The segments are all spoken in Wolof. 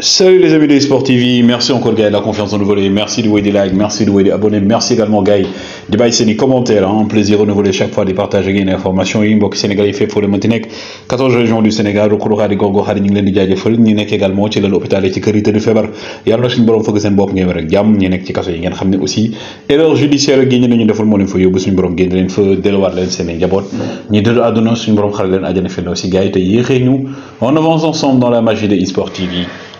Salut les amis de Sport TV, merci encore Gaël de la confiance en nous voler, merci de vous des likes, merci de vous des abonnés, merci également Gaël de baisser les commentaires, hein. un plaisir voler chaque fois de partager une information. inbox sénégalais fait pour le Montenegro, 14 régions du Sénégal, rokulu xaari gongo xaari ni ngi leen di jaajëfal également ci l'hôpital hôpital yi ci kër yi tëdd feebar yàlla na suñu borom fëgg seen bopp ngeen wér ak jàmm ñi ci kaso yi ngeen xam aussi erreur judiciaire ak génn ñu deful moo leen fa yóbbu suñu borom génn leen fa delluwaat leen seen njaboot ñi dëddu àdduna suñu borom xaral leen àjjana fi aussi gars yi te yéexee ñu on avance ensemble dans la magie de Sport TV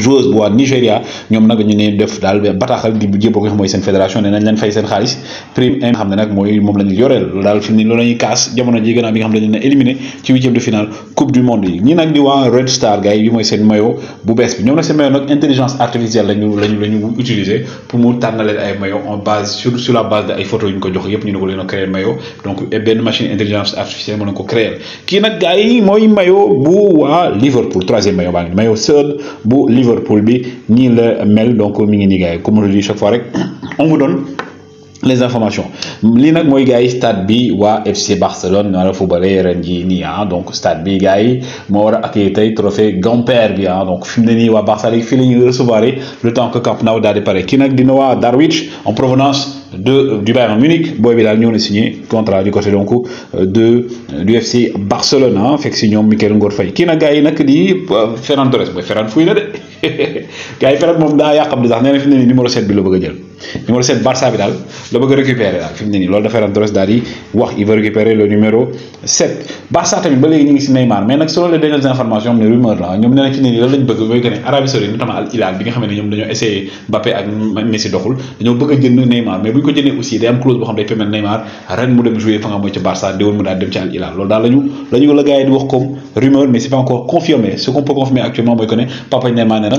joueuse bu Nigeria ñom nak ñu ne def daal bataaxal di jébboo ko xam mooy seen fédération né nañ leen fay seen xaalis prime im xam nak moy mom lañu yoreel dal daal fi mu ne loolu lañuy kaas jamono ji gëna bi nga xam dañu éliminer ci éliminé ci huitième de finale coupe du monde yi ñi nak di wa Red Star gars yi bi mooy seen maillot bu bees bi ñom nag seen maillot nag intelligence artificielle lañu lañu la utiliser pour mu tànnaleen ay mayo en base sur sur la base de ay photo yu ñu ko jox yépp ñu ne ko leen créer mayo donc ben machine intelligence artificielle mën na ko créer ki nak gars yi mooy maillot bu wa Liverpool troisième maillot mayo ngi maillot seul bu Liverpool bi ni le mel donc mi ngi nii comme je chaque fois rek on vous donne les informations li nak moy gay stade bi wa FC Barcelone na la footballé ren jii ah, donc stade bi gay mo wara war a trophée Gamper ah, donc fi mu ne nii waa Barça léegi le temps que Camp Nou da di pare kii Darwich en provenance. de, du Bayern Munich. Boy bi dal ñu signé contrat du côté donc euh, de euh, du FC Barcelone. Hein, ah, fait ci ñom Mikel Ngor Fay n'a nak gay que dit euh, Ferran Torres. Boy Ferran Fouille gars yi période moom daa yàqam di sax nee na fi ne nii numéro 7 bi la bëgg a jël. numéro 7 Barça bi dal lo bëgg a récupérer daal fi mu ne nii loolu dafay dal Drogba di wax il veut récupérer le numéro 7 Barça tamit ba légui ñi ngi ci Neymar mais nag selon les dernières informations ne rumeur la ñom néna ci ni ne lañ bëgg mooy que ne Arabie Saoudite notamment Al Hilal bi nga xamné ñom ñoom dañoo essayé Mbappé ak Messi doxul dañoo bëgg jënd Neymar mais buñ ko jëndee aussi day am clause bo xam day permettre Neymar ren mu dem jouer fa nga mooy ci Barça di déwén mu daal dem ci Al Hilal loolu dal lañu lañu ñu la gars di wax comme rumeur mais c'est pas encore confirmé ce qu'on peut confirmer actuellement mooy que ne Papa Neymar ne na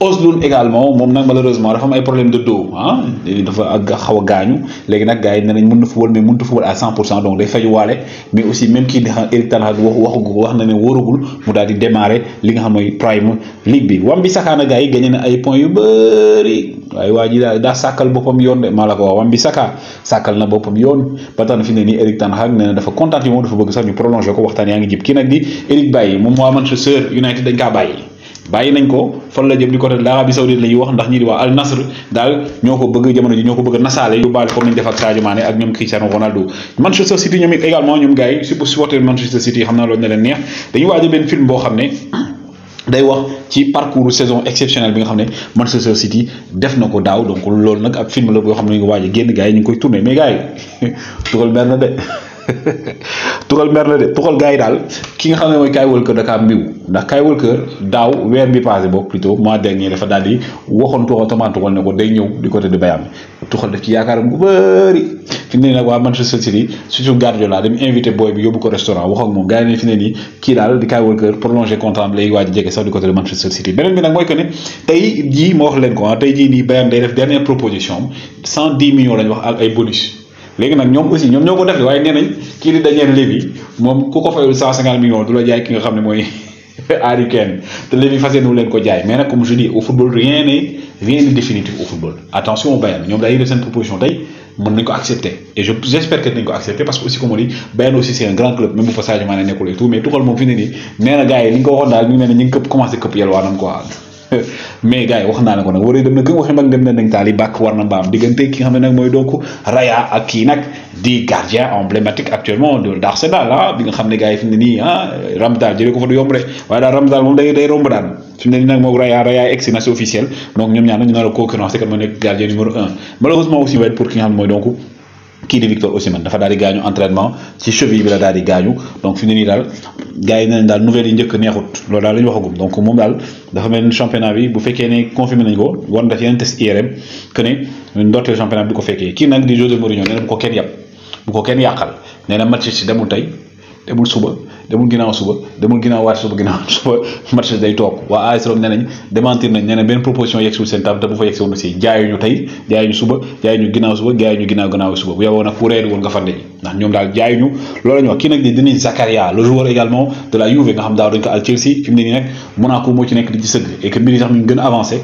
oslun également mom nak malheureusement dafa am ay problème de dos hein ah, dafa ag xawa gañu légui nak gaay nañ mënu fu wol mais mënu fu wol à 100% donc day fay walé mais aussi même kii daxa Eric Ten Hag wax waxu wax na né worugul mu daal di démarrer li nga xam prime league bi Wambi Saka na gars gagné na ay points yu beuri ay waji ji da sakal bopam yoon dé maa ko wax Wambi Saka sakal na bopam yoon patan fi né ni Eric Ten Hag né dafa content yi dafa bëgg sax ñu prolonger ko waxtan yaa ngi jib kii nag di Eric Bailly mom mo Manchester United dañ ka bàyyi bàyyi nañ ko fan la jëm di côté de l'Arabie Saoudite la ñuy wax ndax ñi di waa Al Nasr daal ñoo ko bëgg jamono ji ñoo ko bëgg nasaale yóbbaale comme nañ def ak Sadio ak ñoom Cristiano Ronaldo Manchester City ñoom it également ñoom gars supporter Manchester City xam naa loolu ne leen neex dañuy waaj benn film boo xam ne day wax ci parcours saison exceptionnel bi nga xam ne Manchester City def na ko daaw donc loolu nag ab film la boo xam ne ñu yi ñu ngi koy tourné tugal mer la de tugal gars yi ki nga xam moy mooy Kyle Walker da ka mbiw ndax Kyle Walker daw weer bi passé bok plutôt mois dernier dafa dal di waxon tuxal tamaan tuxal ne ko day ñew di côté de Bayern tuxal def ci yaakaaram bu bëri fi mu ne nag waa Manchester City surtout Guardiola dem invité boy bi yobu ko restaurant wax ak moom gars ne fi ne ni ki dal di Kyle Walker prolonger contrat lay waji jégué sax di côté de Manchester City benen bi nak moy que ne tey jii mo wax len ko tay ah, tey ni nii Bayern day def dernière proposition 110 millions lañ wax ak ay bonus léegi nak ñom aussi ñom ñoko def waaye nenañ ki kii di Daniel Levy moom ku ko fayul 150 millions dula jaay ki nga xam moy ari Harry Kane te Levy fas yéene wu leen ko jaay mais nak comme je dis au football rien n'est rien n'est définitif au football attention au Bayern ñoom dañuy def seen proposition tay mën nañ ko accepter et j'espère que dañ ko accepter parce que aussi comme on dit Bayern aussi c'est un grand club même bu fa Sadio Mané nekkul et tout mais Tuchel mom fi ni néna gaay li nga waxon li ñu ko waxoon ñu ngi commencer ñu yel wa commencé quoi mais gars yi wax naa ne ko nag waree dem na kën waxi mag dem na nañ war na mbaam diggante ki nga xam ne nag mooy donc Raya ak di gardien emblématique actuellement de d'Arsenal ah xam ne gars yi fi ne nii ah Ramsdale jëlee ko fa du yomb de waaye daal Ramsdale moom day romb daan fi ne nii nag moom Raya Raya egg si na donc ñoom ñaar nag ñu nar a concurrence te kat moo gardien numéro un malheureusement aussi va pour ki kii di Victor Osimhen dafa daal di gaañu entraînement ci cheville bi la daal di gaañu donc fini ni dal gaay daal gars nañ daal nouvelle yi ñëk neexut lo dal lañ waxagum donc mom dal dafa mel championnat bi bu féké né confirmé nañ ko won na def yeneen test IRM que né ndorteel championnat bi ko féké ki nak di José Mourinho né ko kenn yapp bu ko kenn yakal né na match ci demul tay demul suba demul ginaaw suba demul ginaaw waat suba ginaaw suba marché day toog waa AS Rome nee nañ démentir nañ nee nañ benn proposition yegsiwul seen table te bu fa yegsiwul aussi jaayuñu tey jaayuñu suba jaayuñu ginaaw suba jaayuñu ginaaw ginaaw suba bu yeboo nag ku reer woon nga fande ji ndax ñoom daal jaayuñu loolu la ñu wax kii nag di dinañ Zakaria le joueur également de la Juve nga xam daal dañ ko al Chelsea fi mu ne nii nag Monaco moo ci nekk di ci sëgg et que mbir yi sax ñu gën a avancé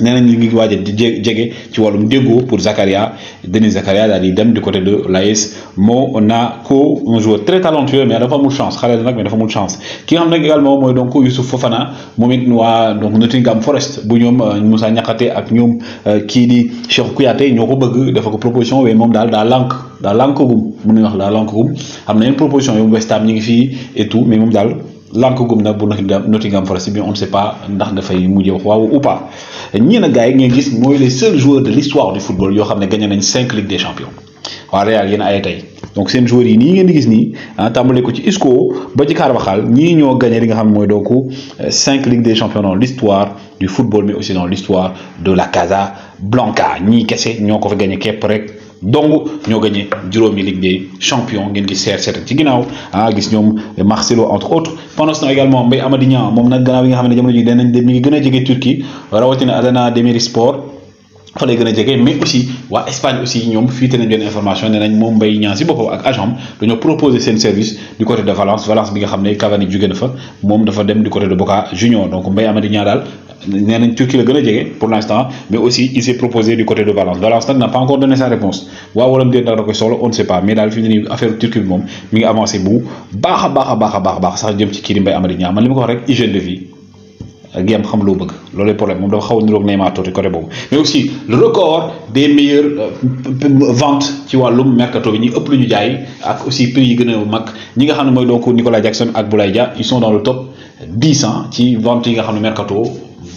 nee nañ li ngi wajé djégé ci walum déggoo pour Zakaria Denis Zakaria daal di dem du côté de l'AS Monaco un joueur très talentueux mais dafa amul chance xale nak mais dafa amul chance ki nga xam nag également moy donc Youssouf Fofana momit it donc Nottingham Forest bu ñoom euh, Moussa Niakhaté ak ñoom euh, ki di Cheikh Kouyaté ñoko bëgg dafa ko proposition waaye mom dal da lank da lank gum mun wax da lank gum am na yeneen proposition yu West Ham ñi ngi fi et tout mais mom dal lànkagum na bu Nottingham Nottingham Forest bi on ne sait pas ndax dafay mujj wax waaw ou pas ñi na gars ngeen gis moy les seuls joueurs de l'histoire du football yo xam gagné nañ 5 Ligue des champions wa Real yéen ay tay donc seen joueurs yi ni ngeen di gis ni ah tàmbale ko ci Isco ba ci Carvajal ñi ñoo gagné li nga xam moy mooy donc euh, cinq ligues des champions dans l'histoire du football mais aussi dans l'histoire de la Casa Blanca ñi kessé ñoo ko fa gagné képp rek. donc ñoo gagné juroomi ligue des champions ngeen gis CR7 ci ginaaw ah gis ñom Marcelo entre autres pendant ce temps également Mbaye Amady moom nag gannaaw yi nga xam ne jamono ji danañ dem ngi gën a jege Turquie rawatina Adana Demirspor mais aussi aussi information service du côté de Valence Valence bi nga Cavani du côté de Boca Juniors donc Mbaye pour l'instant mais aussi il s'est proposé du côté de Valence Valence n'a pas encore donné sa réponse on ne sait pas mais Turquie a a a de vie ak xam loo bëgg lolé problème mom dafa xaw a niroog Neymar tuuti côté boobu mais aussi le record des meilleures euh, ventes ci walum mercato bi ñi ëpp lu ñu jaay ak aussi prix yi gëna mak ñi nga xamne moy mooy donc Nicolas Jackson ak Boulaye Dia ils sont dans le top 10 ans ci vente yi nga xamne mercato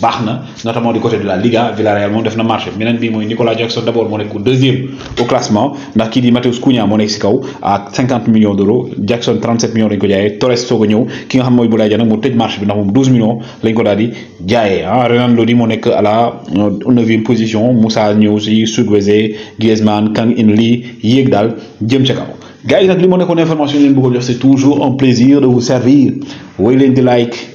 Bachna, notamment du côté de la Liga Villarreal Real def na marché menen bi moy Nicolas Jackson d'abord, abord moo deuxième au classement ndax ki di Mateus Cunha moo nekk si kaw à 50 millions d'euros. Jackson 37 millions lañ ko jaayee Torres soog a ki nga xam mooy Boulaye Dia nag mu marché bi ndax 12 millions lañ ko daldi di ah Renan Lodi moo nekk à la euh, neuvième position Moussa ñew ci Chukwueze Griezmann Kang In Lee yek dal jëm ci kaw. gars yi nag li moo nekkoon information yi leen jox c'est toujours un plaisir de vous servir woy leen di like.